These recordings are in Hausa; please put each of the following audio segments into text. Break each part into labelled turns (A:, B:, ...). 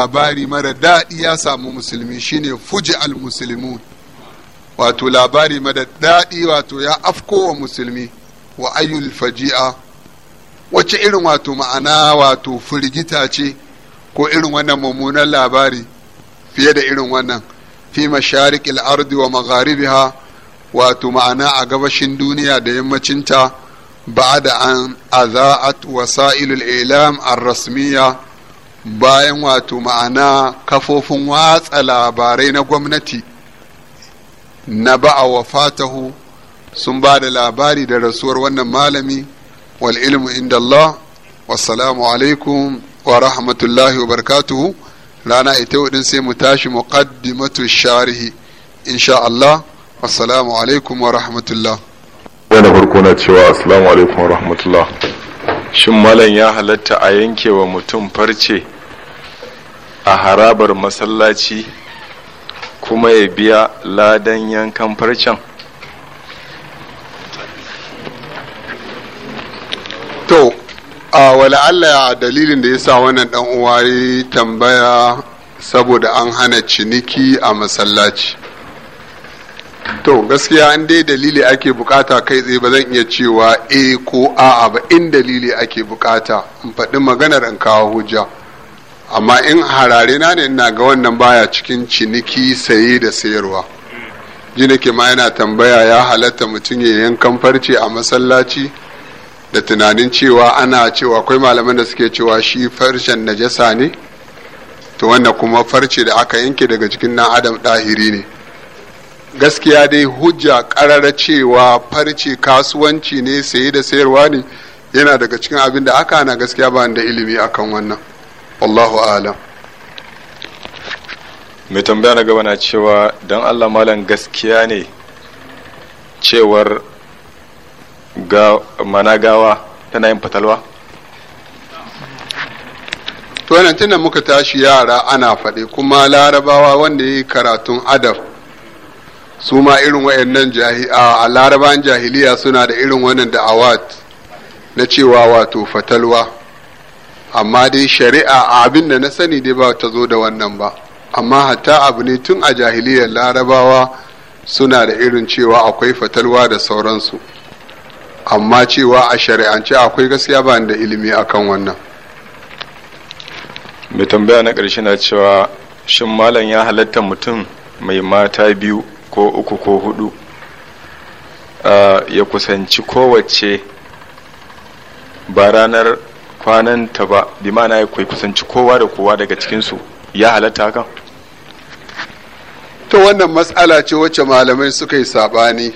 A: labari mara daɗi ya samu musulmi shine fuji al musulmun wato labari mara daɗi wato ya afko wa musulmi wa ayyul faji'a wacce irin wato ma'ana wato firgita ce ko irin wannan mummunan labari fiye da irin wannan fi masharikil ardi wa magharibiha wato ma'ana a gabashin duniya da yammacinta ba da an aza'at wasailul ilam ar-rasmiya bayan wato ma'ana kafofin watsa labarai na gwamnati na ba'a wa fatahu sun ba da labari da rasuwar wannan malami wal ilmu inda Allah wassalamu alaikum wa rahmatullahi wa barakatuhu rana ita wadin sai mu tashi muqaddimatu sharihi insha Allah wassalamu alaikum wa rahmatullah wani farko na cewa assalamu alaikum wa rahmatullah shin malam ya halatta a yanke wa mutum farce a harabar masallaci kuma ya biya ladan yankan farcen to a ya dalilin da ya sa wannan dan uwa tambaya saboda an hana ciniki a masallaci to gaskiya an dai dalili ake bukata kai tsaye ba zan iya cewa a ko a'a ba in dalili ake bukata in faɗi maganar in kawo hujja amma in harare na ne ina ga wannan baya cikin ciniki saye da sayarwa ji nake ma yana tambaya ya halatta mutum ya yankan farce a masallaci da tunanin cewa ana cewa akwai malaman da suke cewa shi farcen najasa ne to wanda kuma farce da aka yanke daga cikin na adam ɗahiri ne gaskiya dai hujja karara cewa farce kasuwanci ne saye da sayarwa ne yana daga cikin abin da aka ana gaskiya ba da ilimi akan wannan wallahu alam mai tambaya na gaba na cewa don allah malam gaskiya ne cewar mana gawa tana yin fatalwa to yana tunan muka tashi yara ana faɗi kuma larabawa wanda ya yi karatun adab su ma irin wayannan a laraban jahiliya suna da irin wannan da'awat na cewa wato fatalwa amma dai shari'a a abin da na sani dai ba ta zo da wannan ba amma hatta abu ne tun a jahiliyar larabawa suna da irin cewa akwai fatalwa da sauransu amma cewa a shari'ance akwai gaskiya ba da ilimi akan wannan mai tambaya na ƙarshe na cewa shin malam ya halatta mutum mai mata biyu ko uku ko hudu ya kusanci kowace ba ranar kwananta ba bi ma'ana ya kusanci kowa da kowa daga cikinsu ya halatta hakan to wannan matsala ce wacce malamai suka yi sabani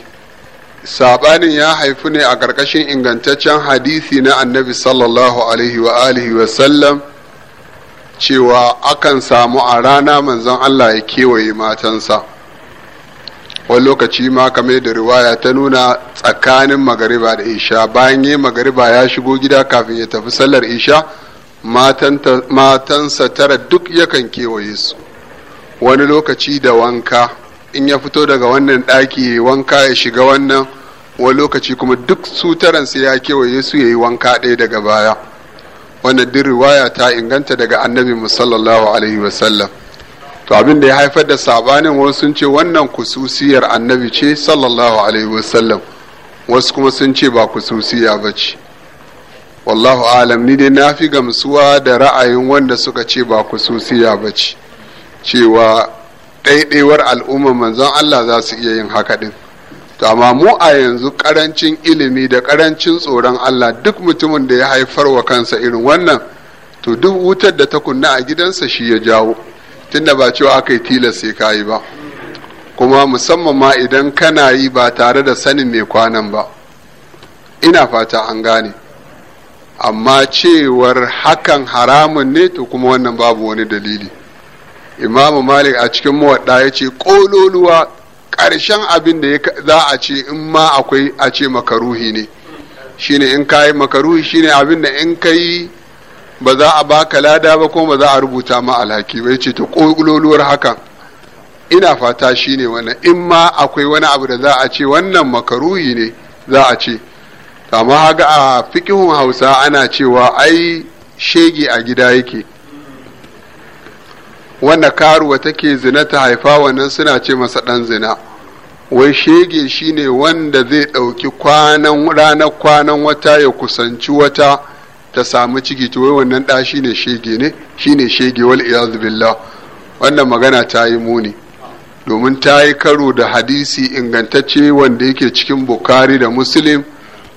A: sabanin ya haifu ne a ƙarƙashin ingantaccen hadisi na annabi sallallahu alaihi wa alihi wa sallam cewa akan samu a rana manzon Allah ya kewaye matansa wani lokaci ma kamar da riwaya ta nuna tsakanin magariba da isha bayan yi magariba ya shigo gida kafin ya tafi sallar isha matansa tara duk yakan kewaye su wani lokaci da wanka in ya fito daga wannan ɗaki wanka ya shiga wannan wani lokaci kuma duk su ya kewaye su ya yi wanka ɗaya daga baya wannan duk riwaya ta inganta daga annabi musallallahu alaihi wasallam to abin da ya haifar da sabanin wasu sun ce wannan kususiyar annabi ce sallallahu alaihi wasallam wasu kuma sun ce ba kususiya ba ce wallahu alam ni dai na fi gamsuwa da ra'ayin wanda suka ce ba kususiya ba ce cewa ɗaiɗewar al'umma manzon Allah za su iya yin haka ɗin to amma mu a yanzu ƙarancin ilimi da ƙarancin tsoron Allah duk mutumin da ya haifar wa kansa irin wannan to duk wutar da ta kunna a gidansa shi ya jawo tunda ba cewa aka yi tilas sai ka yi ba kuma musamman ma idan kana yi ba tare da sanin mai kwanan ba ina fata an gane amma cewar hakan haramun ne to kuma wannan babu wani dalili imamu malik a cikin mawaɗa ya ce ƙololuwa ƙarshen abin da za a ce in ma akwai a ce makaruhi ne shine in ka yi makaruhi shine abin da in ka yi ba za a baka lada ba ko ba za a rubuta ma alhaki bai ce ta kololuwar haka ina fata shine wannan in ma akwai wani abu da za a ce wannan makaruhi ne za a ce amma haga a fikihun hausa ana cewa ai shege a gida yake wanda karuwa take zina ta haifa wannan suna ce masa ɗan zina wai shege shine wanda zai ɗauki kwanan ranar kwanan wata ya kusanci wata ta samu ciki to wannan ɗa shine shege ne shine shege wal iyaz billah wannan magana ta yi muni domin ta yi karo da hadisi ingantacce wanda yake cikin bukari da muslim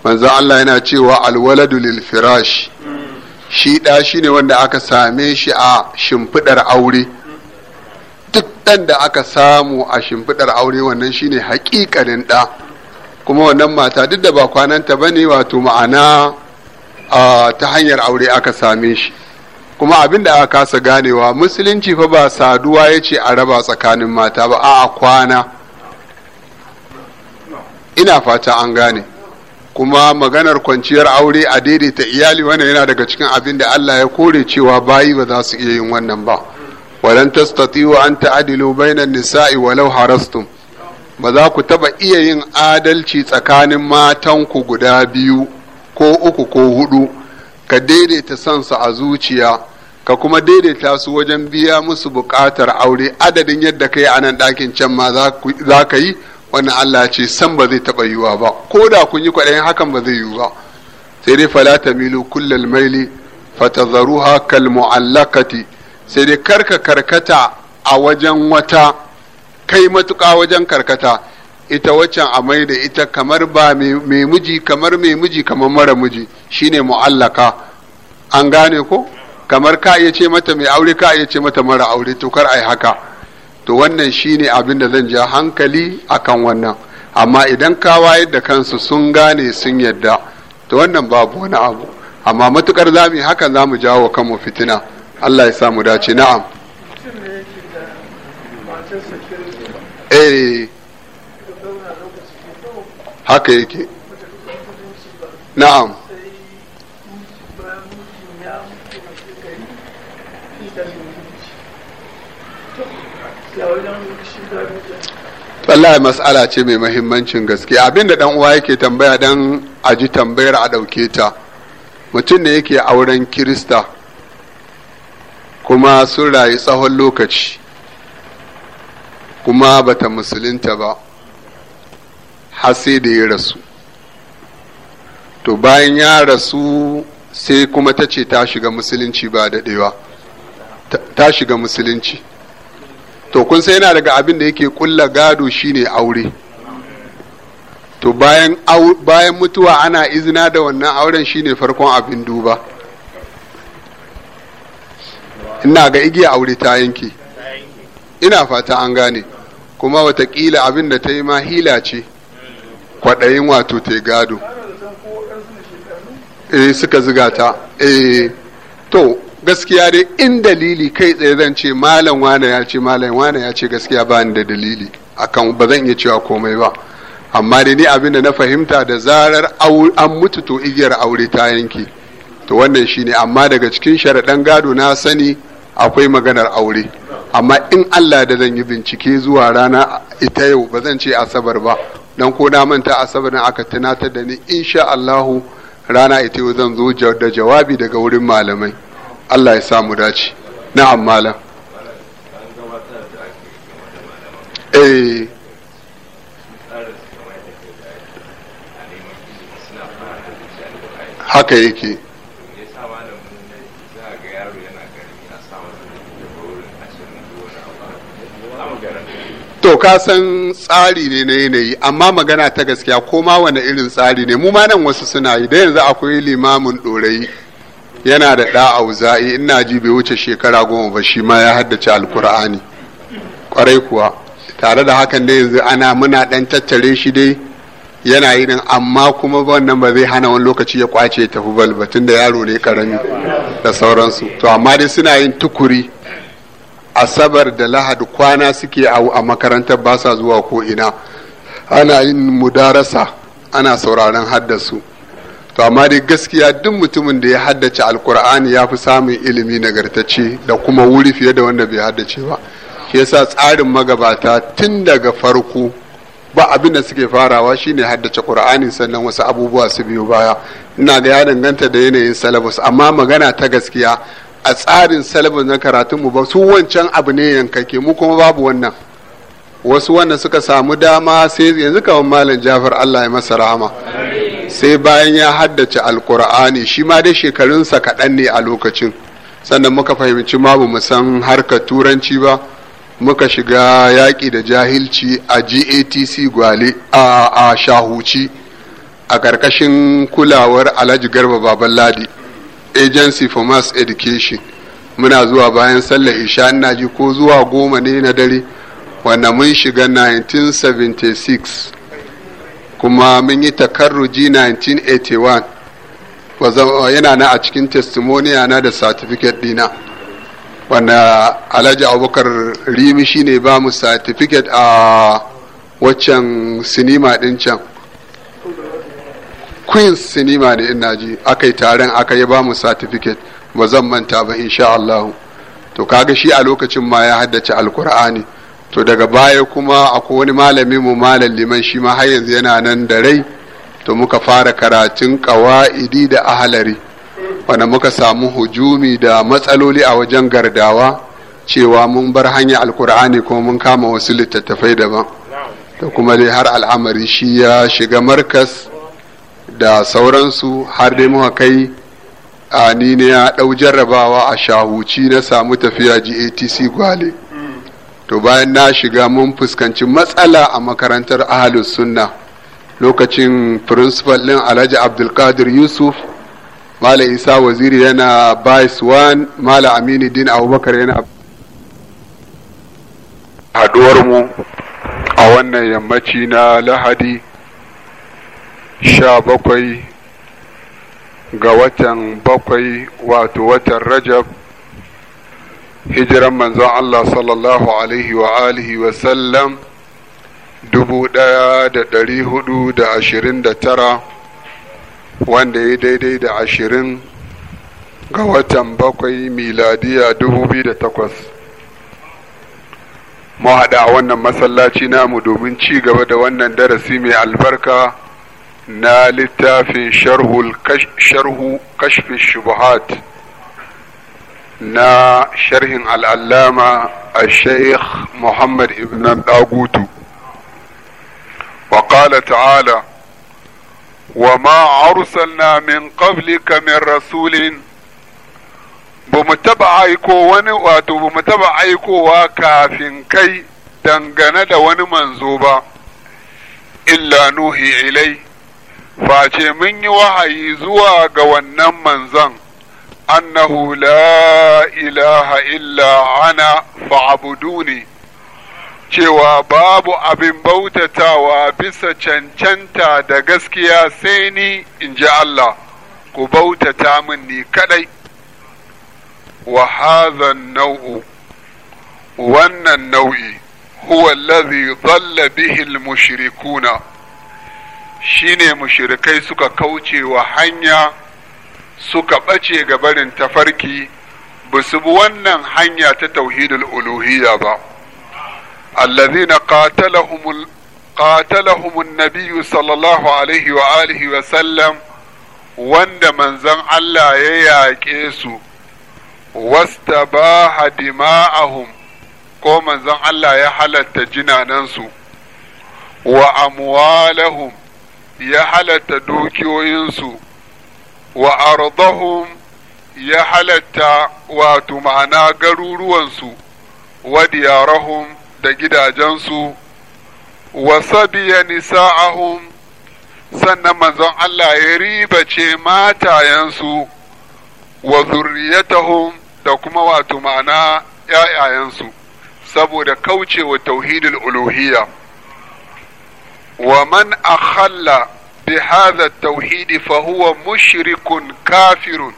A: manzo Allah yana cewa alwaladu lil firash shi ɗa shine wanda aka same shi a shimfidar aure duk ɗan da aka samu a shimfidar aure wannan shine haƙiƙanin ɗa kuma wannan mata duk da ba kwananta bane wato ma'ana ta hanyar aure aka same shi kuma abin da aka kasa ganewa musulunci fa ba saduwa ya ce a raba tsakanin mata ba a kwana ina fata an gane kuma maganar kwanciyar aure a daidaita iyali wannan yana daga cikin abin da Allah ya kore cewa bayi ba za su iya yin wannan ba walan tastati'u an ta'dilu bainan nisa'i walau harastum ba za ku taba iya yin adalci tsakanin matanku guda biyu ko uku ko hudu ka daidaita su a zuciya ka kuma daidaita su wajen biya musu buƙatar aure adadin yadda ka yi a nan ɗakin can ma za ka yi wannan Allah ce san ba zai taɓa yiwuwa ba ko da kun yi kwaɗayin hakan ba zai yiwu ba sai dai fala ta milu kullal maili fatadharuha kal mu'allakati sai dai karka karkata a wajen wata kai matuƙa wajen karkata ita waccan a mai da ita kamar ba mai miji kamar mai miji kamar mara miji shine mu'allaka an gane ko kamar ka iya ce mata mai aure ka iya ce mata mara aure to kar ai haka to wannan shine abin da zan ja hankali akan wannan amma idan ka wayar da kansu sun gane sun yadda to wannan babu wani abu amma matukar zamu hakan zamu jawo kanmu fitina Allah ya samu dace na'am eh haka yake na'am wallahi mas'ala ce mai mahimmancin gaske abinda dan uwa yake tambaya dan ji tambayar a ɗauke ta mutum ne yake auren kirista kuma sun rayu tsawon lokaci kuma bata musulunta ba har sai da ya rasu to bayan ya rasu sai kuma ta ce ta shiga musulunci ba daɗewa ta shiga musulunci to kun sai yana daga abin da yake kulla gado shine aure to bayan mutuwa ana izina da wannan auren shine farkon abin duba ina ga igiya aure ta yanke ina fata an gane kuma watakila abin da ta yi ma hila ce kwaɗayin wato ta gado eh suka ziga ta eh to gaskiya dai in dalili kai tsaye zan ce malam wane ya ce malam wane ya ce gaskiya ba da dalili akan ba zan iya cewa komai ba amma dai ni abin da na fahimta da zarar an mutu to igiyar aure ta yanke to wannan shine amma daga cikin sharaɗan gado na sani akwai maganar aure amma in Allah da zan yi bincike zuwa rana ita yau ba zan ce asabar ba dan ko na manta Asabar asabarin aka tunatar da ni insha Allahu rana ita yau zan zo da jawabi daga wurin malamai Allah ya samu dace na'am malam eh haka yake to ka san tsari ne na yanayi amma magana ta gaskiya ko ma wani irin tsari ne mu ma nan wasu suna yi da yanzu akwai limamin ɗorayi yana da ɗa auza'i ina ji bai wuce shekara goma ba shi ma ya haddace alkur'ani kwarai kuwa tare da hakan da yanzu ana muna ɗan tattare shi dai yana yi din amma kuma wannan ba zai hana wani lokaci ya kwace tafi balbatun da yaro ne karami da sauransu to amma dai suna yin tukuri asabar da lahadi kwana suke a makarantar ba sa zuwa ko ina ana yin mudarasa ana sauraron haddasu to amma dai gaskiya duk mutumin da ya haddace alkur'ani ya fi samun ilimi nagartacce da kuma wuri fiye da wanda bai haddace ba ke sa tsarin magabata tun daga farko ba abin da suke farawa shine haddace qur'ani sannan wasu abubuwa su biyo baya ina ga ya danganta da yanayin salabus amma magana ta gaskiya a tsarin salabin na karatunmu ba su wancan abu ne yankake mu kuma babu wannan wasu wanda suka samu dama sai yanzu kamar malam jafar allah ya masa rahama sai bayan ya haddace alkur'ani shi ma dai shekarunsa kaɗan ne a lokacin sannan muka fahimci ma mu san harka turanci ba muka shiga yaƙi da jahilci a gatc gwale a shahuci a ƙarƙashin kulawar alhaji garba baban ladi agency for mass education muna zuwa bayan sallar isha ina ji ko zuwa goma ne na dare wanda mun shiga 1976 kuma mun yi takarruji 1981 uh, yana na a cikin testimonia na da certificate dina wanda alhaji abubakar rimi shine ba mu certificate a waccan sinima din can queen cinema ne ina ji aka yi taron aka yi ba mu certificate ba zan manta ba insha Allah to kaga shi a lokacin ma ya haddace alkur'ani to daga baya kuma akwai wani malami mu malam liman shi ma har yanzu yana nan da rai to muka fara karatun kawa'idi da ahalari wanda muka samu hujumi da matsaloli a wajen gardawa cewa mun bar hanya alkur'ani kuma mun kama wasu littattafai daban da kuma dai har al'amari shi ya shiga markas da sauransu har dai muka kai a ni ne ya dau jarrabawa a shahuci na samu tafiya gatc gwale to bayan na shiga mun fuskanci matsala a makarantar ahalus sunna lokacin principal ɗin alhaji abdulkadir yusuf mala isa waziri yana bais one mala aminu din abubakar yana haduwar mu a wannan yammaci na lahadi sha bakwai ga watan bakwai wato watan rajab hijiran manzon Allah sallallahu alaihi wa alihi wa sallam dubu ɗaya da ɗari hudu da ashirin da tara wanda ya daidai da ashirin ga watan bakwai miladiya dubu biyu da takwas mu haɗa wannan masallaci namu domin ci gaba da wannan darasi mai albarka na littafin sharhu kashfi shubuhat na sharhin al'allama a sheikh muhammad ibn dagutu وقال تعالى وما أرسلنا من قبلك من رسول بمتبع أيكو وني واتو بمتبع أيكو وكافن كي دنغنا دا وني منزوبا إلا نوحي إليه face mun yi wahayi zuwa ga wannan manzon annahu la ilaha illa ana fa'abuduni cewa babu abin bautatawa bisa cancanta da gaskiya sai ni in ji Allah ku bautata min ni kadai wa nau'u wannan nau'i huwa allazi dhalla bihi al-mushrikuna shine mushirikai suka kauce wa hanya suka ɓace ga barin tafarki ba su bi wannan hanya ta tauhidul uluhiyya ba allazina qatalahumul qatalahumun nabiyyu sallallahu alaihi wa alihi wa sallam wanda manzon Allah ya yaƙe su wastabaha dima'ahum ko manzon Allah ya halatta jinanansu wa amwalahum ya halatta dukiyoyinsu wa ardahum ya halatta wato ma'ana garuruwansu wa diyarahum da gidajensu wa sabiya nisa'ahum sannan manzon Allah ya ribace matayensu wa zurriyatahum da kuma wato ma'ana ‘ya'yayensu saboda kaucewa tauhidul uluhiyya. ومن أخل بهذا التوحيد فهو مشرك كافر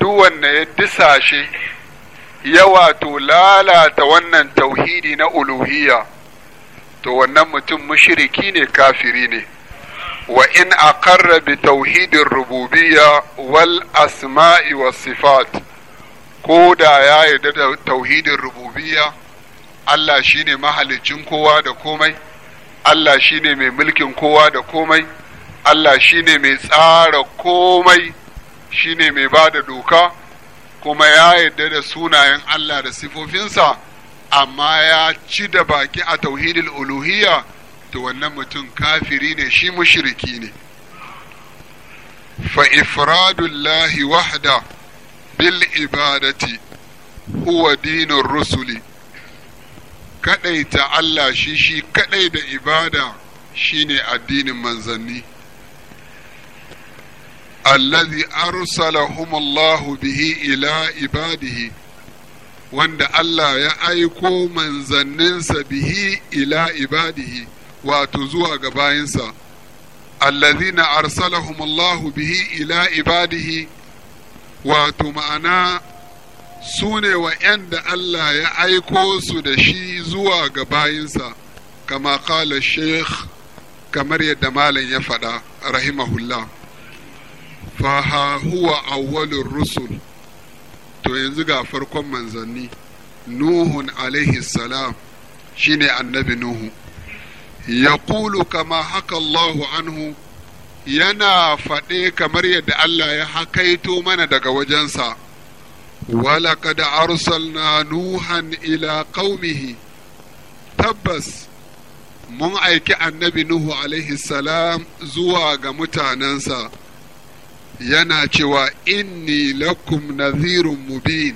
A: دون يدساشي يواتو لالا تونن توحيدي نألوهية تونن متم مشركين كافرين وإن أقر بتوحيد الربوبية والأسماء والصفات كودا يا توحيد الربوبية الله شيني محل جنكوا دا كومي Allah ne mai mulkin kowa da komai Allah ne mai tsara komai ne mai ba da doka kuma ya yarda da sunayen Allah da sifofinsa amma ya ci da baki a tauhidul uluhiyya to wannan mutum kafiri ne shi mushriki ne fa ifradullahi wahda bil ibadati huwa dinur rusuli kaɗaita Allah shi shi kaɗai da ibada shine addinin manzanni allazi arsalahum Allah bihi ila ibadihi wanda Allah ya aiko manzanninsa bihi ila ibadihi wato zuwa ga bayinsa allazina arsalahum Allah bihi ila ibadihi wato ma'ana su ne wa'yanda Allah ya aiko su da shi zuwa ga bayinsa, kama kala sheikh kamar yadda malam ya faɗa rahimahullah. Faha huwa awwalin rusul, to yanzu ga farkon manzanni, Nuhun alaihi salam shi ne annabi Nuhu. Ya kama haka Allahu anhu yana faɗe kamar yadda Allah ya hakaito mana daga wajensa. ولقد أرسلنا نوحا إلى قومه تبس mun aiki annabi Nuhu alaihi zuwa ga mutanensa yana cewa inni lakum nazirun mubin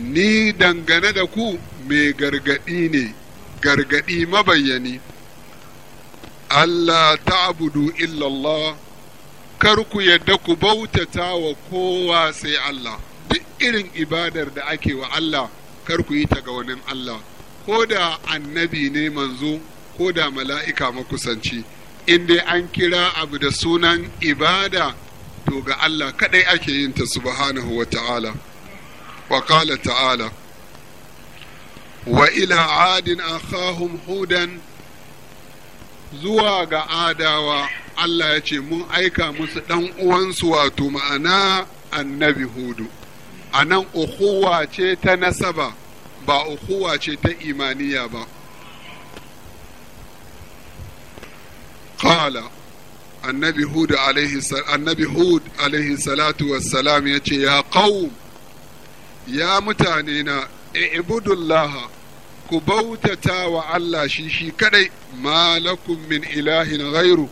A: ni dangane da ku mai gargaɗi ne gargaɗi mabayyani Allah ta'budu illallah kar ku yarda ku bautata wa kowa sai Allah duk irin ibadar da ake wa Allah kar ku yi ta ga wani Allah ko da annabi ne manzo ko da mala'ika makusanci in dai an kira abu da sunan ibada to ga Allah kaɗai ake yin ta subhanahu wa ta'ala wa ta'ala wa ila adin akhahum hudan zuwa ga adawa Allah ya ce mun aika musu ɗan uwansu wato ma'ana annabi hudu a nan ukuwa ce ta nasaba ba ukuwa ce ta imaniya ba qala annabi hud alaihi salatu wassalam ya ce ya qawm ya mutane na ibudullaha ku bautata wa Allah shi shi kadai Malakun min ilahin ghairu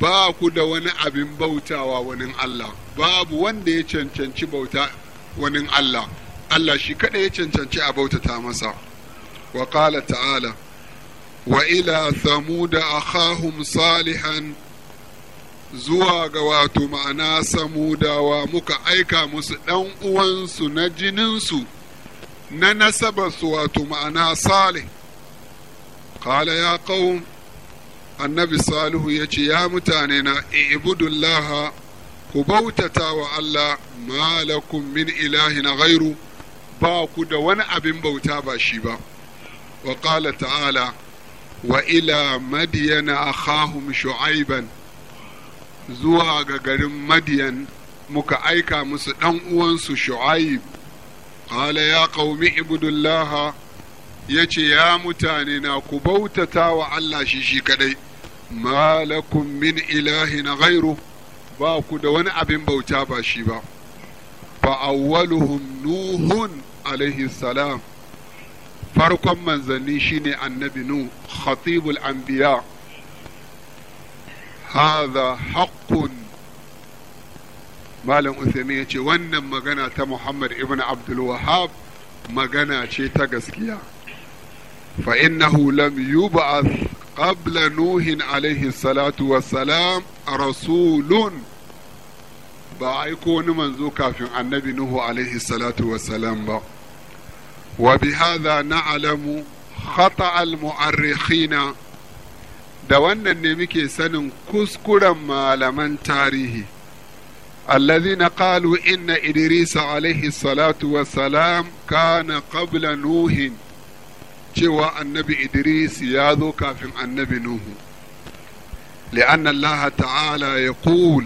A: ba ku da wani abin bautawa wani Allah babu wanda ya cancanci bauta wani Allah Allah shi kaɗai ya cancanci a bautata masa wa ƙala ta'ala wa ila thamuda akhahum salihan zuwa ga wato ma'ana samudawa muka aika musu ɗan uwansu na jininsu na nasabarsu wato ma'ana salih ƙala ya ƙawun annabi salihu ya ce ya mutane na ibudullaha ku bautata wa Allah malakum min ilahin ghairu ba ku da wani abin bauta ba shi ba wa ta'ala wa ila madiyana akhahum shu'aiban zuwa ga garin madiyan muka aika musu ɗan uwansu shu'aib qala ya ƙaumi ibudullaha yace ya mutane na ku bautata wa Allah shi shi kadai malakum min ilahin ghairu ba ku da wani abin bauta ba shi ba fa nuhun salam farkon manzanni shine annabi nu khatibul anbiya hadha haƙƙun. malam ya yace wannan magana ta muhammad ibn Abdulwahab magana ce ta gaskiya fa innahu lam yub'a qabla nuhin alaihi salatu salam. rasulun ba aiko wani manzo kafin annabi nuhu alaihi salatu wasalam ba wa bi hadha na'lamu khata al mu'arrikhina da wannan ne muke sanin kuskuren malaman tarihi الذين قالوا inna إدريس عليه الصلاة والسلام كان قبل nuhin? cewa annabi Idris ya zo kafin annabi Nuhu. li'anna Allah ta'ala ya kul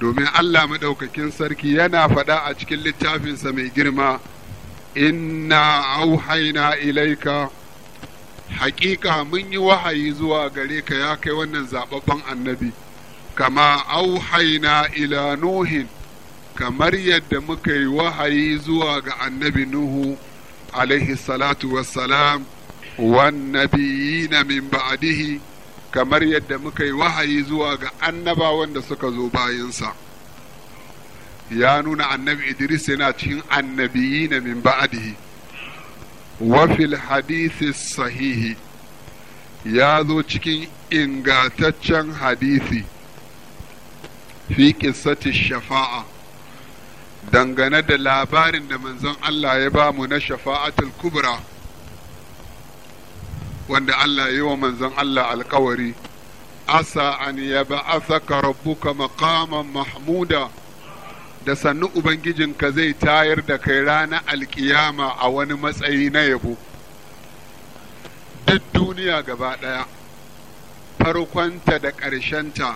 A: domin Allah maɗaukakin sarki yana faɗa a cikin littafinsa mai girma inna auhaina ilaika haƙiƙa mun yi wahayi zuwa gare ka ya kai wannan zaɓaɓɓen annabi kama auhaina ila nuhin kamar yadda muka yi wahayi zuwa ga annabi nuhu alaihi salatu wassalam wannabiyina min ba'dihi kamar yadda muka yi wahayi zuwa ga annaba wanda suka zo bayansa ya nuna annabi idris yana cikin annabiyi na min ba'dihi wa fil hadisi sahihi ya zo cikin ingataccen hadisi fi qissati shafa'a dangane da labarin da manzon Allah ya ba mu na shafa'atul kubra wanda Allah yi wa manzon Allah alkawari asa an asaka rabbuka maqaman mahmuda da sannu ubangijinka zai tayar da kai rana alkiyama a wani matsayi na yabo duk duniya gaba ɗaya farkonta da ƙarshenta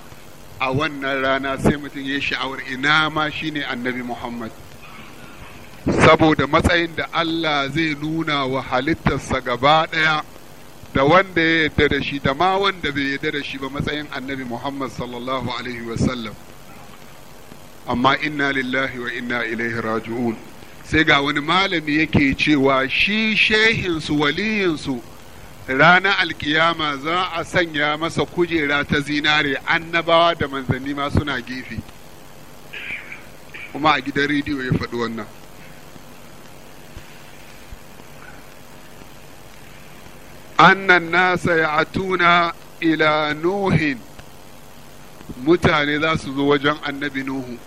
A: a wannan rana sai mutum ya sha'awar ina ma shine annabi muhammad saboda matsayin da allah zai nuna wa halittarsa gaba ɗaya da wanda ya yarda da shi da ma wanda bai yarda da shi ba matsayin annabi Muhammad sallallahu alaihi wasallam amma inna lillahi wa inna ilaihi raji'un sai ga wani malami yake cewa shi shehinsu waliyinsu ranar alkiyama za a sanya masa kujera ta zinare annabawa da manzanni ma suna gefe kuma a gidan rediyo ya faɗi wannan annan nasa ya atuna ila nuhin mutane za su zo wajen annabi nuhu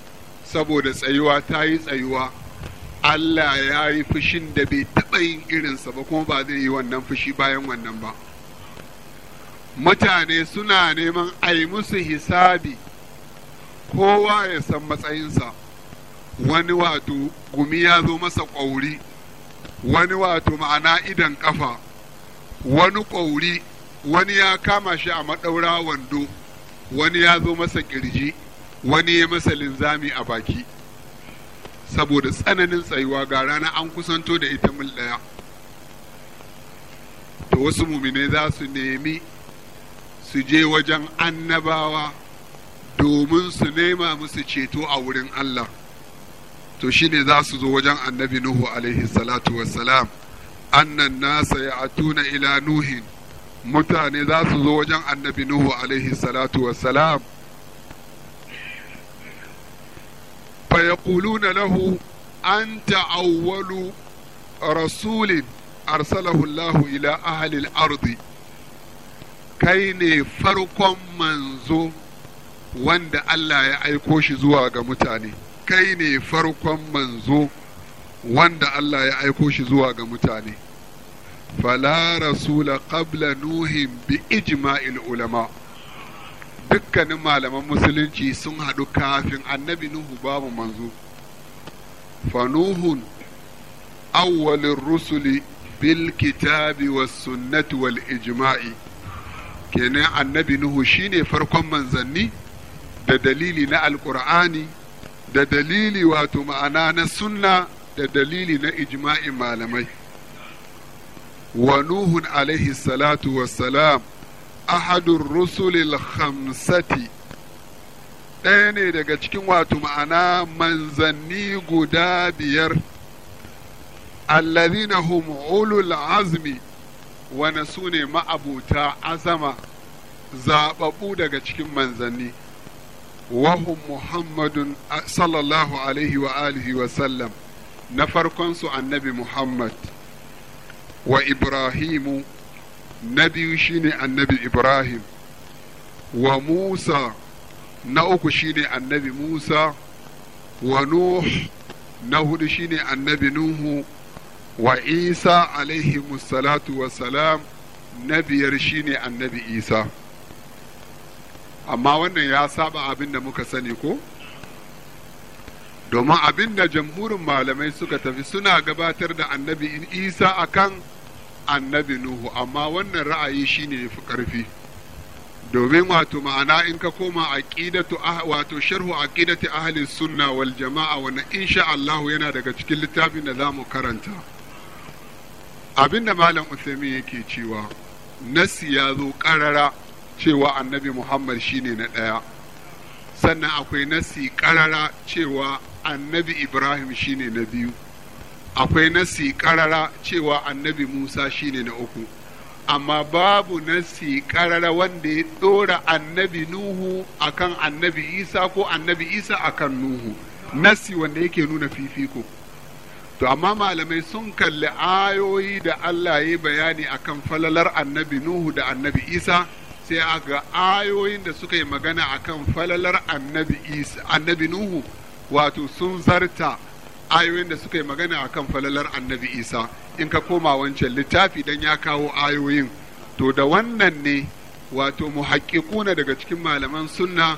A: saboda tsayuwa ta yi tsayuwa Allah ya yi fushin da bai taɓa yin irinsa ba kuma ba zai yi wannan fushi bayan wannan ba mutane suna neman a yi musu hisabi kowa ya san matsayinsa wani wato gumi ya zo masa ƙauri. wani wato ma'ana idan ƙafa wani ƙwauri wani ya kama shi a maɗaura wando wani ya zo masa ƙirji wani ya masa linzami a baki saboda tsananin tsayuwa ga rana an kusanto da ita mil ɗaya to wasu mumine za su nemi su je wajen annabawa domin su nema musu ceto a wurin Allah to shine za su zo wajen annabi Nuhu alaihi salatu wassalam salam annan nasa ya atuna ila nuhin mutane za su zo wajen annabi nuhu alaihi salatu wassalam fa yaquluna lahu anta awwalu rasulin arsalahu Allahu ila ahli arzi. ardi kai ne farkon manzo wanda Allah ya aiko shi zuwa ga mutane kai ne farkon manzo wanda Allah ya aiko shi zuwa ga mutane fala rasula qabla nuhin bi ijma'il ulama dukkanin malaman musulunci sun haɗu kafin annabi nuhu babu manzo fanuhun awwalin rusuli bil kitabi was sunnati wal ijma'i kenan annabi nuhu shine farkon manzanni da dalili na alkur'ani da dalili wato ma'ana na sunna da dalili na ijma'in malamai wa nuhun alaihi salatu wassalam ahadun rusulil hamsati ɗaya ne daga cikin wato ma'ana manzanni guda biyar allazina hum ulul azmi wani su ne ma'abuta azama zaɓaɓɓu daga cikin manzanni wahum muhammadun sallallahu alaihi wa alihi wa sallam na farkonsu annabi Muhammad wa Ibrahimu na biyu shi ne annabi Ibrahim wa Musa na uku shi ne annabi Musa wa Nuh na hudu ne annabi Nuhu wa Isa alaihi salatu wa salam na biyar ne annabi Isa amma wannan ya saba abin da muka sani ko? domin abin da jamhurin malamai suka tafi suna gabatar da annabi isa akan annabi nuhu amma wannan ra'ayi shine ne fi ƙarfi domin wato ma'ana in ka koma aqidatu ah, wato sharhu aqidati ahli sunna wal jama'a wannan insha Allah yana daga cikin littafin da zamu karanta Abin da malam Uthaymeen yake cewa nasi ya zo karara cewa annabi Muhammad shine na ɗaya, sannan akwai nasi karara cewa annabi ibrahim shine na biyu akwai nasi karara cewa annabi musa shine na uku amma babu nasi karara wanda ya ɗora annabi nuhu akan annabi isa ko annabi isa akan nuhu nasi wanda yake nuna fifiko to amma malamai sun kalli ayoyi da allah ya bayani akan falalar annabi nuhu da annabi isa sai a ga ayoyin da suka yi magana akan falalar annabi nuhu wato sun zarta ayoyin da suka yi magana kan falalar annabi isa in ka koma wancan littafi don ya kawo ayoyin to da wannan ne wato muhaƙiƙuna daga cikin malaman sunna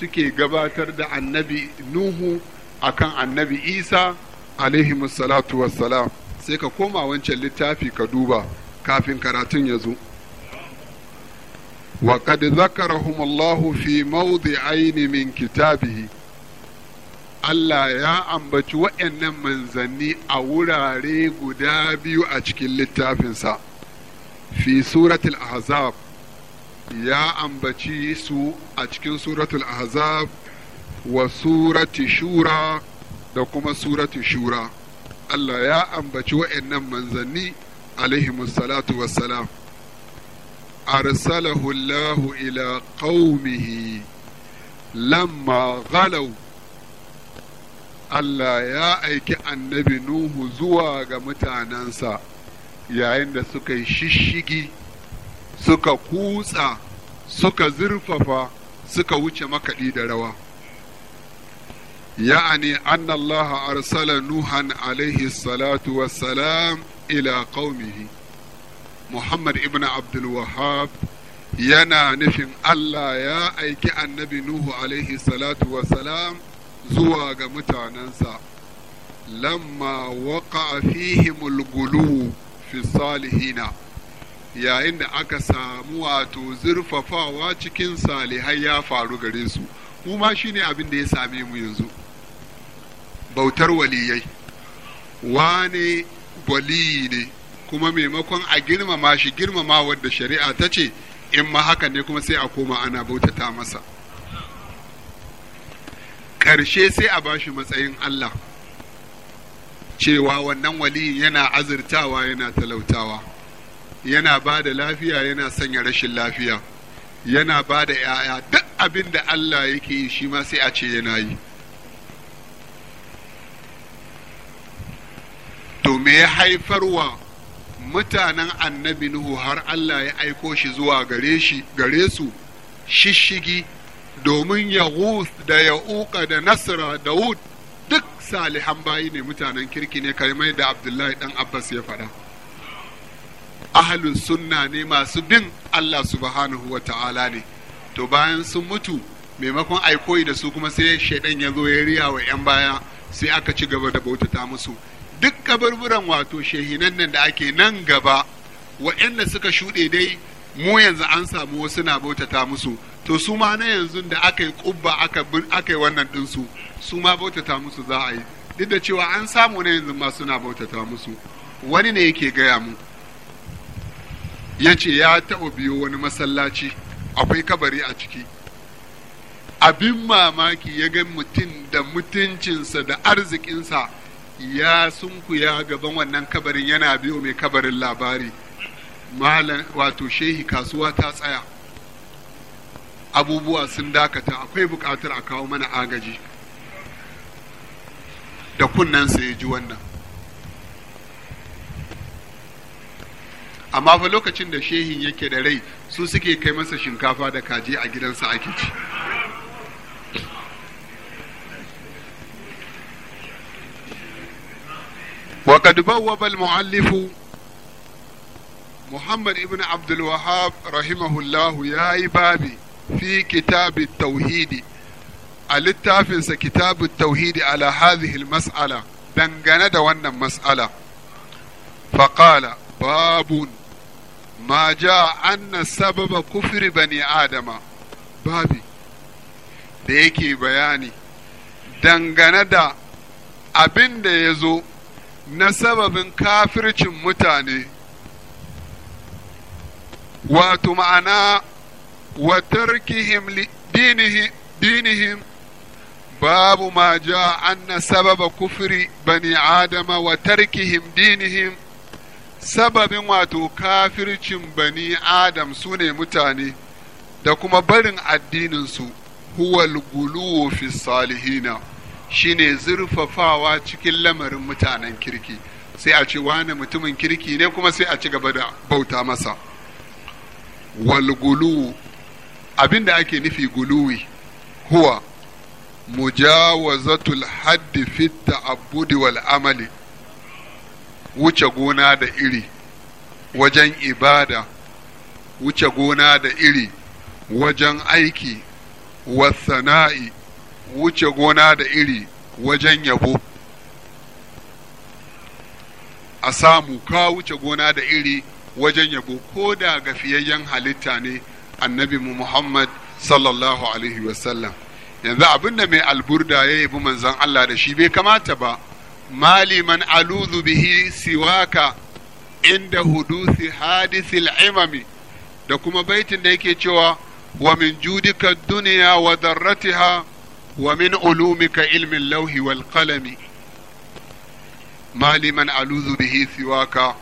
A: suke gabatar da annabi nuhu a kan annabi isa alaihi wassalam sai ka koma wancan littafi ka duba kafin karatun ya zo وقد ذكرهم الله في موضعين من كتابه Allah ya ambaci waɗannan manzanni a wurare guda biyu a cikin littafinsa fi suratul ahzab ya ambaci su a cikin suratul ahzab wa surati shura da kuma surati shura Allah ya ambaci waɗannan manzanni alaihimus salatu wassalam arsalahu Allah ila qaumihi lamma ghalaw Allah ya aiki annabi Nuhu zuwa ga mutanensa yayin da suka yi shishigi, suka kutsa, suka zurfafa, suka wuce makaɗi da rawa. يعني أن الله أرسل نوحا عليه الصلاة والسلام إلى قومه محمد ابن عبد الوهاب ينا نفن الله يا أيك النبي نوح عليه الصلاة والسلام zuwa ga mutanensa lamma waka fihimul gulu fi salihina yayin da aka samu wato zurfafawa cikin salihai ya faru gare su mu ma ne abin da ya same mu yanzu bautar waliyai wane waliyi ne kuma maimakon a girmama shi girmama wadda shari'a ta ce in ma haka ne kuma sai a koma ana bautata masa ƙarshe sai a bashi matsayin Allah cewa wannan wali yana azurtawa yana talautawa yana ba da lafiya yana sanya rashin lafiya yana ba da ‘ya'ya duk abin da Allah yake yi shi ma sai a ce yana yi to me ya haifarwa mutanen annabi Nuhu har Allah ya aiko shi zuwa gare su shishigi domin ya da ya uka da nasra da wud duk salihan bayi ne mutanen kirki ne kalmai da abdullahi dan abbas ya faɗa ahalun sunna ne masu bin allah subhanahu wa ta'ala ne to bayan sun mutu maimakon ai koyi da su kuma sai shaidan ya zo ya riya wa 'yan baya sai aka ci gaba da bautata musu duk kaburburan wato shehinan nan da ake nan gaba wa'yanda suka shuɗe dai mu yanzu an samu wasu na bautata musu to su ma na yanzu da aka yi kubba aka yi wannan ɗinsu su ma bautata musu za a yi duk da cewa an samu na yanzu ma suna bautata musu wani ne yake gaya mu ya ce ya taɓa biyo wani masallaci akwai kabari a ciki abin mamaki ya ga mutum da mutuncinsa da arzikinsa ya sunkuya gaban wannan kabarin yana biyo mai kabarin labari malam wato shehi kasuwa ta tsaya abubuwa sun dakata akwai buƙatar a kawo mana agaji da kunnen sa ya ji wannan amma fa lokacin da shehin yake da rai su suke kai masa shinkafa da kaji a gidansa ake ci وقد بوب المؤلف محمد ابن عبد الوهاب رحمه الله يا بابي fi kitabi a littafinsa kitabu tauhidi ala hadhihi mas'ala dangane da wannan mas'ala faqala babun ma ja anna sababa kufri bani adama babi da yake bayani dangane da abin da ya zo na sababin kafircin mutane wato ma'ana wa tarkihim dinihim babu ma ja anna sababa kufri bani adama wa tarkihim dinihim sababin wato kafircin bani adam su ne mutane da kuma barin addininsu huwal guluwo fi salihina shine zurfafawa cikin lamarin mutanen kirki sai a ce wane mutumin kirki ne kuma sai a ci gaba da bauta masa walgulu abin da ake nufi guluwi huwa mujawazatul haddi fi ta'abbudi wal amali wuce gona da iri wajen ibada wuce gona da iri wajen aiki wasana'i wuce gona da iri wajen yabo a samu ka wuce gona da iri wajen yabo ko da gafiyayyen halitta ne annabi mu Muhammad sallallahu alaihi wasallam yanzu abinda mai alburda ya yabi manzon Allah da shi bai kamata ba maliman aluzu bihi siwaka inda hudusi hadisil imami da kuma baitin da yake cewa wa min judika duniya wa darratiha wa min ulumika ilmin lauhi wal qalami maliman aluzu bihi siwaka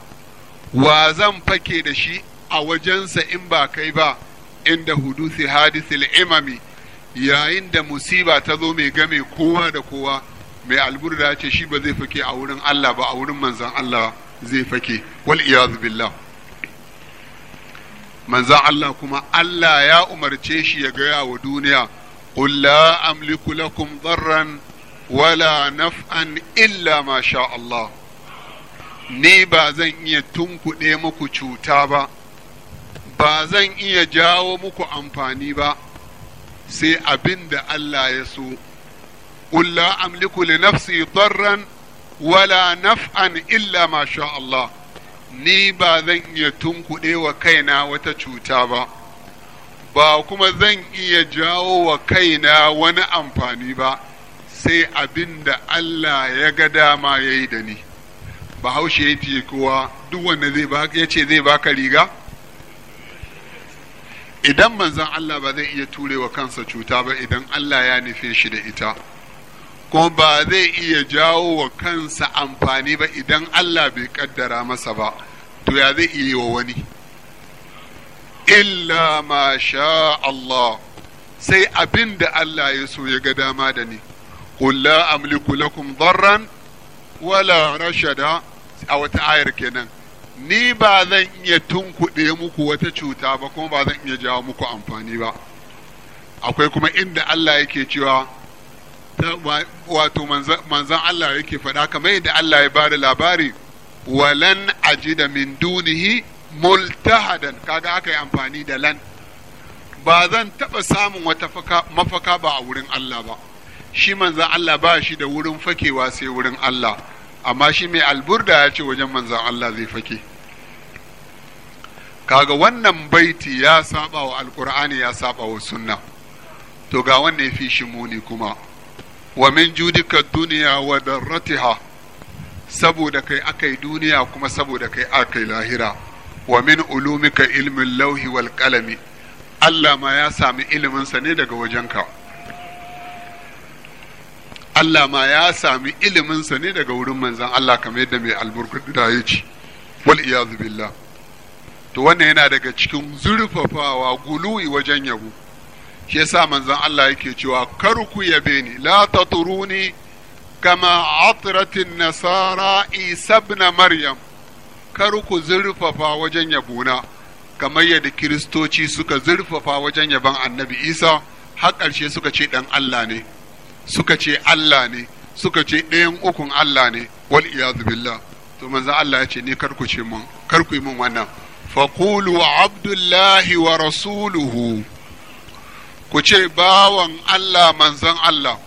A: wa zan fake da shi a wajensa in ba kai ba inda hudusi hadisil imami yayin da musiba ta zo mai game kowa da kowa mai alburda ce shi ba zai fake a wurin Allah ba a wurin manzan Allah zai fake wal billah manzan Allah kuma Allah ya umarce shi ya gaya wa duniya qul la amliku lakum darran wala naf'an illa ma sha Allah ni ba zan iya tunkuɗe ba zan iya jawo muku amfani ba sai abin da Allah ya so la amliku li nafsi darran wala naf'an illa ma sha Allah ni ba zan iya tunkuɗe wa kaina wata cuta ba ba kuma zan iya jawo wa kaina wani amfani ba sai abin da Allah ya ga dama ya yi da ni bahaushe ya kowa duk wanda zai ya ce zai baka riga idan manzon Allah ba zai iya turewa kansa cuta ba idan Allah ya nufe shi da ita kuma ba zai iya jawo wa kansa amfani ba idan Allah bai kaddara masa ba to ya zai iya yi wa wani illa ma sha Allah sai abin da Allah ya so ya ga dama da ni qul la amliku lakum darran rashada a wata ayar kenan ni ba zan iya tunkuɗe muku wata cuta ba kuma ba zan iya jawo muku amfani ba akwai kuma inda Allah yake cewa wato manzan Allah yake faɗa kamar yadda Allah ya bada labari walan ajida min dunihi multahadan kaga aka yi amfani da lan ba zan taɓa samun wata mafaka ba a wurin Allah ba shi manzan Allah ba shi da wurin fakewa sai wurin Allah amma shi mai alburda ya ce wajen manzan Allah zai fake kaga wannan baiti ya saba wa alkur'ani ya saba wa sunna to ga wannan fi shi muni kuma wa min judika duniya wa darratiha saboda kai akai duniya kuma saboda kai akai lahira wa min ulumika ilmin lauhi wal kalami Allah ma ya sami iliminsa ne daga wajenka Allah ma ya sami iliminsa ne daga wurin manzan Allah kamar yadda mai alburkuda ya ce wal iyazu billah to wannan yana daga cikin zurfafawa gului wajen yabo shi yasa manzan Allah yake cewa kar ku yabe ni la taturuni kama atratin nasara isa ibn maryam kar ku zurfafa wajen yabona kamar yadda kiristoci suka zurfafa wajen yaban annabi isa har ƙarshe suka ce dan Allah ne suka ce Allah ne suka ce ɗayan ukun Allah ne wal iyadu billah to manzo Allah ya ce ni kar ku ce mun kar yi mun wannan abdullahi wa rasuluhu ku ce bawan Allah manzon Allah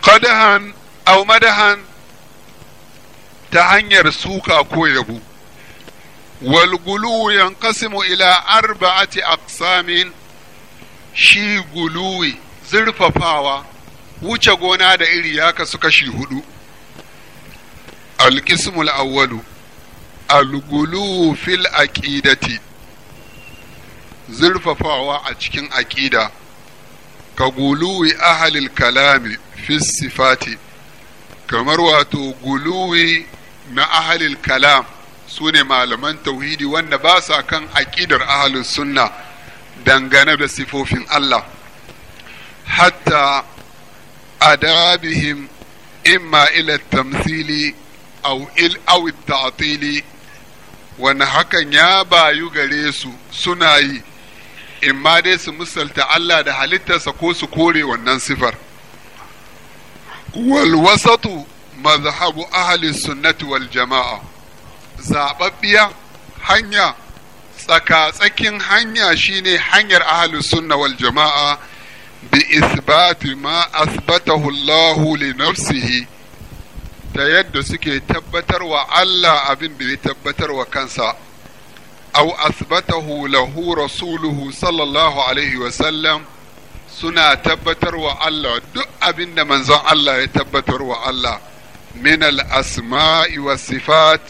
A: qadahan aw madahan ta hanyar suka ko yabo والغلو ينقسم إلى أربعة أقسام شي غلوي زرففاوا wuce gona da iri ya kasu kashi hudu alkismul awwalu algulu fil aqidati zurfafawa a cikin aqida ka guluwi ahalil kalami fi sifati kamar wato guluwi na ahalil kalam su ne malaman tauhidi wanda ba sa kan aƙidar ahalus sunna dangane da sifofin Allah hatta adabihim imma ila tamsili aw il aw ta'tili wani hakan ya bayu gare su suna yi imma dai su misalta Allah da halittarsa ko su kore wannan sifar wal wasatu mazhabu ahli sunnati wal jama'a zaɓaɓɓiya hanya tsaka-tsakin hanya shine hanyar ahalus sunna wal jama'a bi isbati ma asbatahu Allahu li nafsihi da yadda suke tabbatarwa Allah abin da ya wa kansa Au asbatahu lahu rasuluhu sallallahu alaihi wa sallam suna tabbatarwa Allah duk abin da manzon Allah ya tabbatarwa Allah min al asma'i was sifat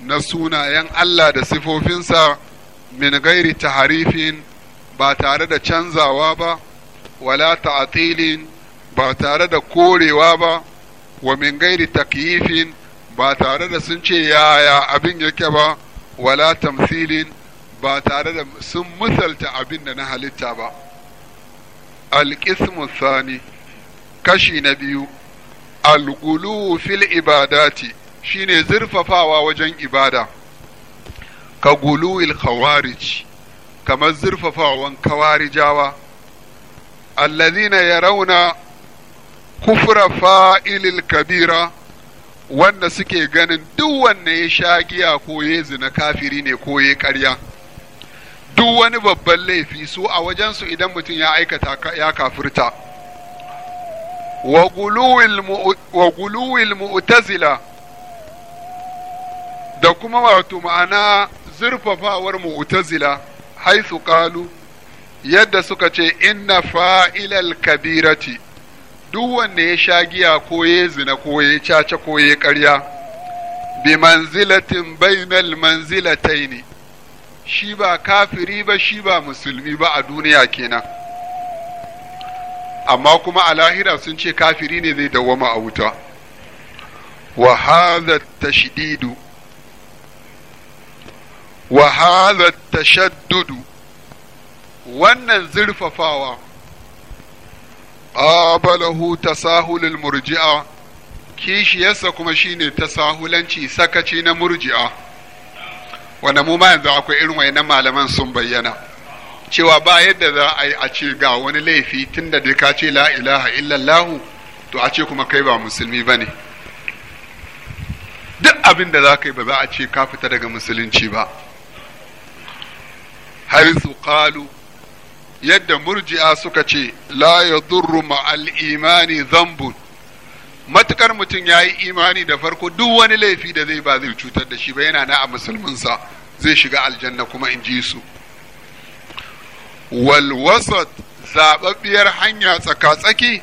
A: na sunayen Allah da sifofinsa min gairi taharifin ba tare da canzawa ba wala ta'atilin ba tare da korewa ba wa min gairi takyifin ba tare da sun ce yaya abin yake ba wala tamsilin ba tare da sun misalta abin da na halitta ba alƙismu sani kashi na biyu al fil ibadati shine zurfafawa wajen ibada ka guluwil khawarij kamar zurfafawan kawarijawa allazina rauna kufra fa'ilil kabira wanda suke ganin duk wanda ya sha giya ko ya zina kafiri ne ko ya ƙarya duk wani babban laifi su a wajensu idan mutum ya aikata ya kafirta wa guluwil mu'tazila da kuma wato ma'ana zurfafawar mu'tazila haithu qalu yadda suka ce inna fa'ilal kabirati duk wanda ya sha giya ko ya zina ko ya caca ko ya ƙarya bi manzilatin bainal manzilataini shi ba kafiri ba shi ba musulmi ba a duniya kenan amma kuma a lahira sun ce kafiri ne zai dawama a wuta wa hadha tashdidu wa hadha tashaddudu wannan zurfafawa ta tasahulul murji'a kishiyarsa kuma shine tasahulanci sakaci na murji'a wanda mu ma yanzu akwai irin wayannan malaman sun bayyana cewa ba yadda za a yi a ce ga wani laifi tunda da ka ce la ilaha to a ce kuma kai ba musulmi bane duk abinda da za ka ba za a ce ka fita daga musulunci ba haisu Kalu, yadda murji'a suka ce la yadurru ma'al imani zambun matukar mutum ya yi imani da farko duk wani laifi da zai ba zai cutar da shi ba yana na a musulminsa zai shiga aljanna kuma in ji su walwasat zaɓaɓɓiyar hanya tsaka-tsaki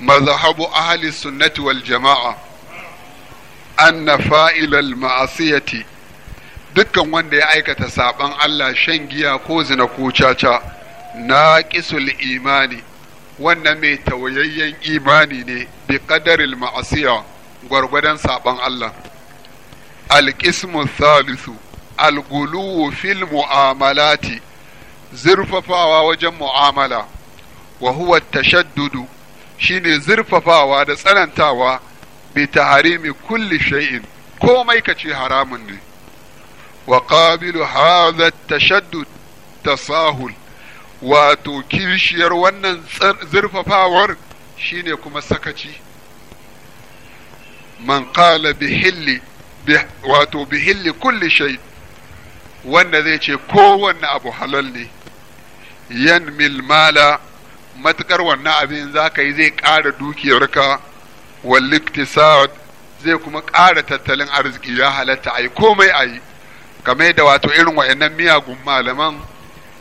A: mazhabu ahli sunnati wal jama'a anna fa'ilal ma'asiyati dukkan wanda ya aikata saban Allah shan giya ko zina ko caca na kisul imani wannan mai tauyayyen imani ne bi qadaril ma'asiya gwargwadon saban Allah alƙismu Salisu, alguluwu fil mu'amalati zurfafawa wajen mu'amala wa huwa tashaddudu shine zurfafawa da tsanantawa bi taharimi kulli shay'in komai ce haramun ne وقابل هذا التشدد tasahul wato kishiyar wannan zurfafawar shine kuma sakaci man qala bihilli wato bihilli kulli shay wanda zai ce kowanne abu halal ne mil mala matukar wannan abin za ka yi zai ƙara dukiyarka wal iktisad zai kuma ƙara tattalin arziki ya halatta a yi komai a yi game da wato irin wa'annan miyagun malaman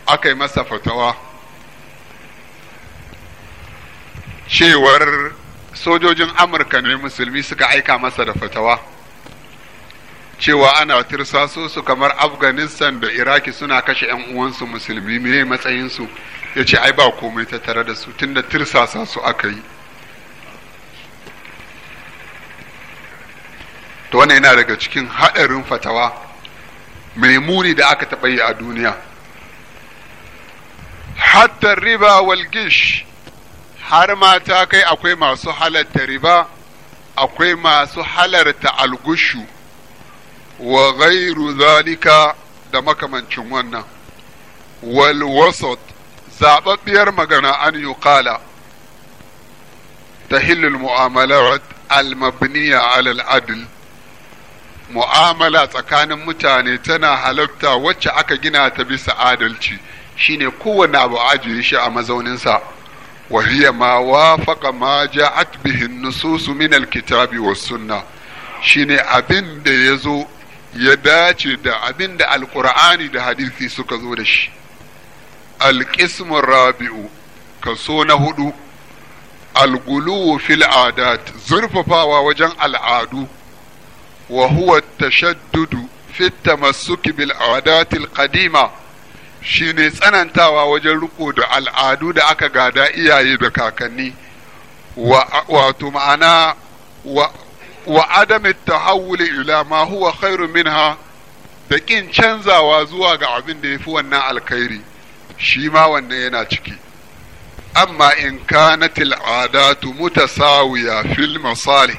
A: aka yi masa fatawa cewar sojojin amurka ne musulmi suka aika masa da fatawa cewa ana tirsaso su kamar afghanistan da iraki suna kashe 'yan uwansu musulmi mai matsayinsu ya ce ai ba komai ta tare da su tunda tirsasa su aka yi to wannan yana daga cikin haɗarin fatawa mai muni da aka taɓa yi a duniya hatta riba wal gish har ma ta kai akwai masu halarta riba akwai masu halarta algushu wa ghairu zalika da makamancin wannan wal wasat zaɓaɓɓiyar magana an yuqala tahillul mu'amalat al mabniya alal adl mu'amala tsakanin mutane tana halarta wacce aka gina ta bisa adalci shine kowane abu ajiye shi a mazauninsa wa hiya ma wafaqa ma ja'at bihi an-nusus min al-kitabi was shine abin da yazo ya dace da abin da alqur'ani da hadisi suka zo da shi al-qismu rabi'u kaso na hudu al fil adat zurfafawa wajen al'adu وهو التشدد في التمسك بالعادات القديمة shine tsanantawa wajen riko da al'adu da aka gada iyaye da kakanni wato ma'ana wa adami tahawuli ila ma huwa khairu minha da ƙin canzawa zuwa ga abin da yafi wannan alkhairi shi ma wannan yana ciki amma in kanat al'adatu mutasawiya fil masalih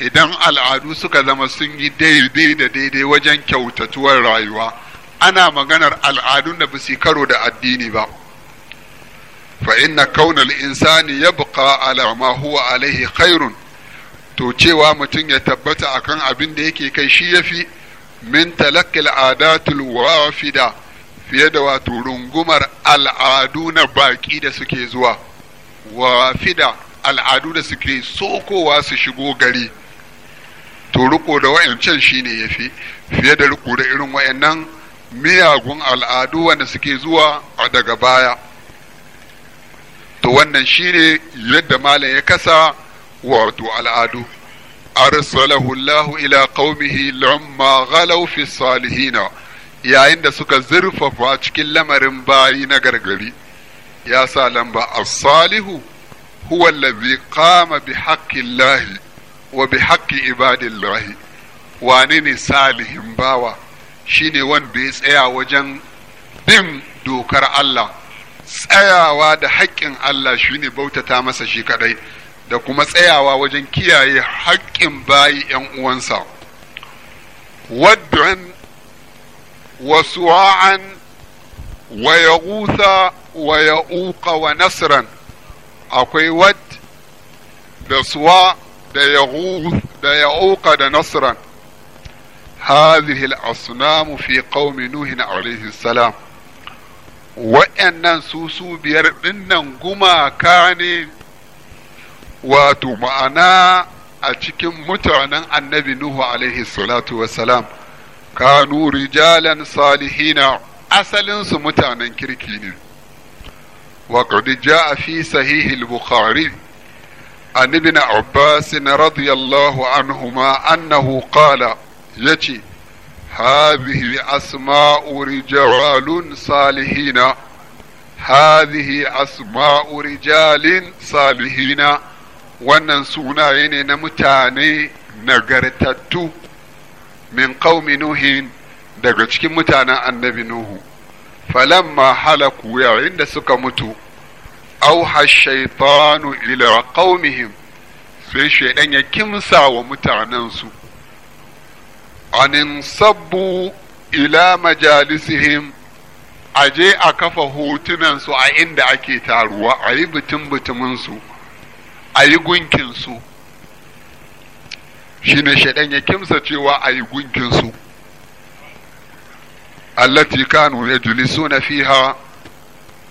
A: idan al'adu suka zama sun yi daidai da daidai wajen kyautatuwar rayuwa ana maganar al'adun da ba karo da addini ba fa inna kaunal insani yabqa ala ma huwa alaihi khairun to cewa mutum ya tabbata akan abin da yake kai shi yafi min talaqqil adatul wafida fiye da wato rungumar al'adu na baki da suke zuwa wafida al'adu da suke sokowa su shigo gari to riko da ne ya yafi fiye da riko da irin waannan miyagun al'adu wanda suke zuwa a daga baya to wannan shine yadda malam ya kasa wato al'adu arsalahu Allahu ila qaumihi lamma ghalaw fi salihina yayin da suka zurfafa cikin lamarin bayi na gargari ya sa lamba as-salihu huwa allazi qama bi haqqi Allahi wa bi haƙƙi ibadillahi wane ne salihin bawa shine wanda ya tsaya wajen bin dokar Allah tsayawa da haƙƙin Allah shine bautata masa shi kadai da kuma tsayawa wajen kiyaye haƙƙin bayi ‘yan uwansa wadda'an wasu'a'an wa yagutha wa ya'uqa wa nasran akwai wad da suwa' da ya da ya'uqa da nasran hadhihi al-asnam fi qaumi nuh alayhi salam wa'annan su su biyar ɗinnan gumaka ne wato ma'ana a cikin mutanen annabi nuhu alaihi salatu wassalam kanu rijalan salihina asalinsu mutanen kirki ne وقد fi في صحيح Bukhari. عن ابن عباس رضي الله عنهما أنه قال يتي هذه أسماء رجال صالحين هذه أسماء رجال صالحين wannan sunaye ne na mutane nagartattu min qaumi nuhin daga cikin mutanen annabi nuhu falamma halaku yayin da suka mutu auha shaifanu ila qaumihim sai shaidan ya kimsa wa mutanensu anin sabbu ila majalisihim aje a kafa hotunansu a inda ake taruwa a yi bitin bituminsu a yi gunkinsu shi shaidan ya kimsa cewa a yi gunkinsu allati kanu ya juli suna fiha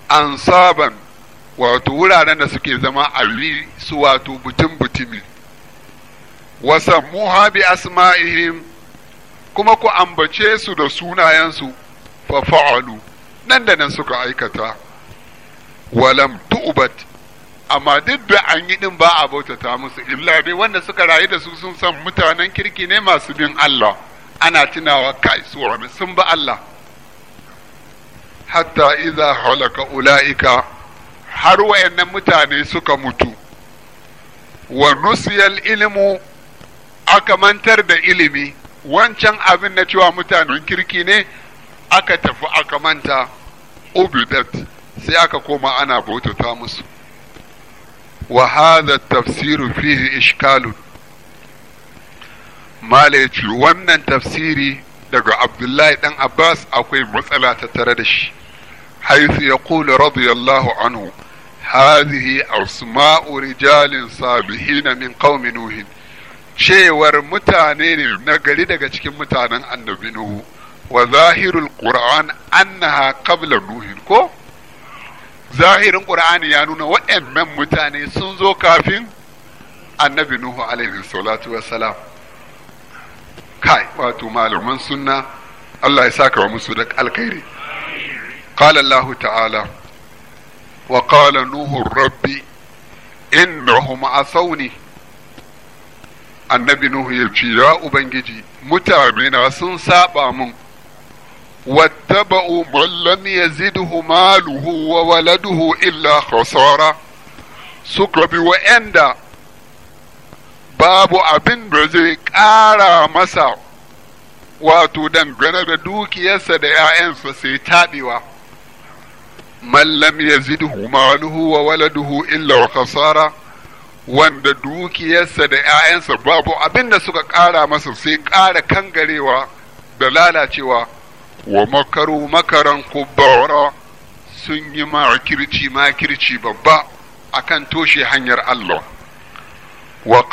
A: ansaban wato wuraren da suke zama a su wato butun butumi wasa bi asma'ihim kuma ku ambace su da sunayensu fa fa'alu nan da nan suka aikata walam tu'bat amma duk da an yi din ba a bautata musu illa dai wanda suka rayu da su sun san mutanen kirki ne masu bin Allah ana tunawa kai su sun ba Allah hatta idza halaka ulaika har wayannan mutane suka mutu wa nusiyal ilmu aka mantar da ilimi wancan abin na cewa mutanen kirki ne aka tafi aka manta ubidat sai aka koma ana bautata musu wa hadha tafsiru fihi ishkalun wannan tafsiri daga abdullahi dan abbas akwai matsala ta tare da shi haythu yaqulu radiyallahu anhu hadhihi asma'u rijalin sabihina min qaumi nuhin cewar mutane ne na gari daga cikin mutanen annabi wa zahirul qur'an annaha qabla nuhin ko zahirin qur'ani ya nuna waɗannan mutane sun zo kafin annabi nuhu alaihi salatu salam. kai wato malaman sunna Allah ya saka wa musu da alkhairi qala ta'ala وقال نوح ربي إنهم عصوني annabi Nuhu ya ce ya Ubangiji mutane na sun saba mun wattaba'u man lam yazidhu maluhu wa waladuhu illa khasara suka bi wa'anda babu abin da zai ƙara masa wato dangane da dukiyarsa da ‘ya'yansa sai taɓewa. man lam yazidhu maluhu wa waladuhu illa khasara wanda dukiyarsa da 'ya'yansa babu abin da suka ƙara masa sai ƙara kangarewa da lalacewa wa makaru makaran kubbara sun yi makirci makirci babba akan toshe hanyar Allah wa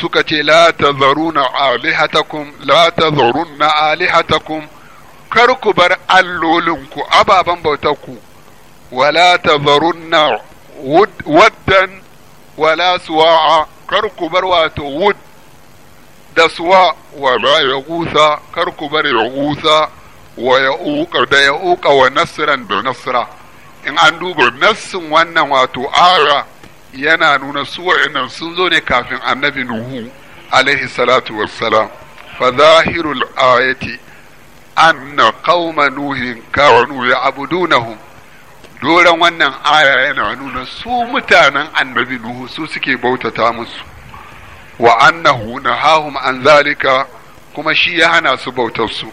A: suka ce la tazaruna alihatakum la tazarunna alihatakum kar ku bar allolinku ababen bautarku wala tazarunna waddan wala suwa'a kar ku bar wato wud da suwa wa ma ya gusa da ya uka wa nasran da nasra in an duba nassin wannan wato ara yana nuna su wa'annan sun zo ne kafin annabi nuhu alaihi fa zahirul ayati anna qauma nuhin kanu doron wannan aya yana nuna su mutanen annabi nuhu su suke bautata musu wa annahu nahahum an zalika kuma shi ya hana su bautar su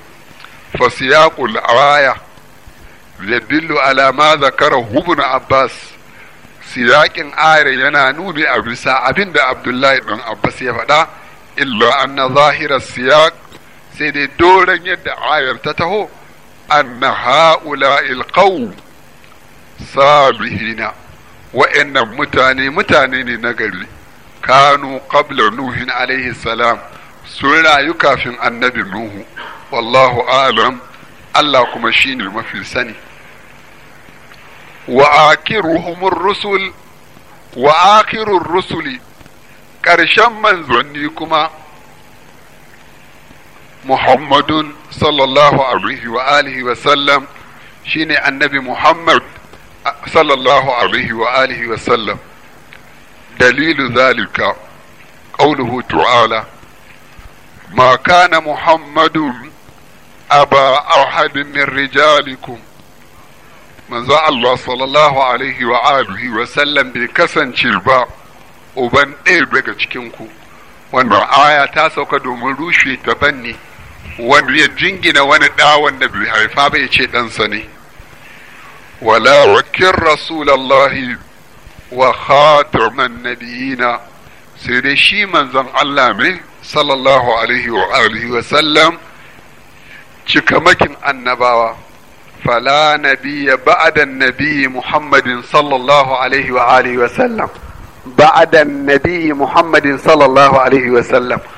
A: fasiyaqul aya yadullu ala ma zakara ibn abbas siyaƙin ayar yana nuni a bisa abinda abdullahi ɗan abbas ya faɗa illa anna zahira siyaƙ sai dai doron yadda ayar ta taho anna ha'ula'il qawm sabihina wa'annan mutane mutane ne na gari kanu qabla nuhin alaihi salam sun rayu kafin annabi nuhu wallahu alam Allah kuma shine mafi sani wa akiruhumur rusul wa akirur rusuli ƙarshen manzanni kuma Muhammadun sallallahu alaihi wa alihi wa sallam shine annabi Muhammad sallallahu alaihi wa alihi wa sallam dalilu zalika قوله تعالى ما كان محمد أبا أحد من رجالكم من ذا الله صلى الله عليه وآله وسلم بكسن شربا uban ɗaya daga cikinku wannan aya ta sauka domin rushe gaban ne wanda ya jingina wani ɗa wanda bai haifa bai ce ɗansa ne ولكن رسول الله وخاتم النبيين sai dai shi manzon Allah ne sallallahu alaihi wa sallam cikamakin annabawa fala nabiyya ba'da nabiyyi Muhammadin sallallahu alaihi wa alihi wa sallam ba'da Muhammadin sallallahu alaihi wa sallam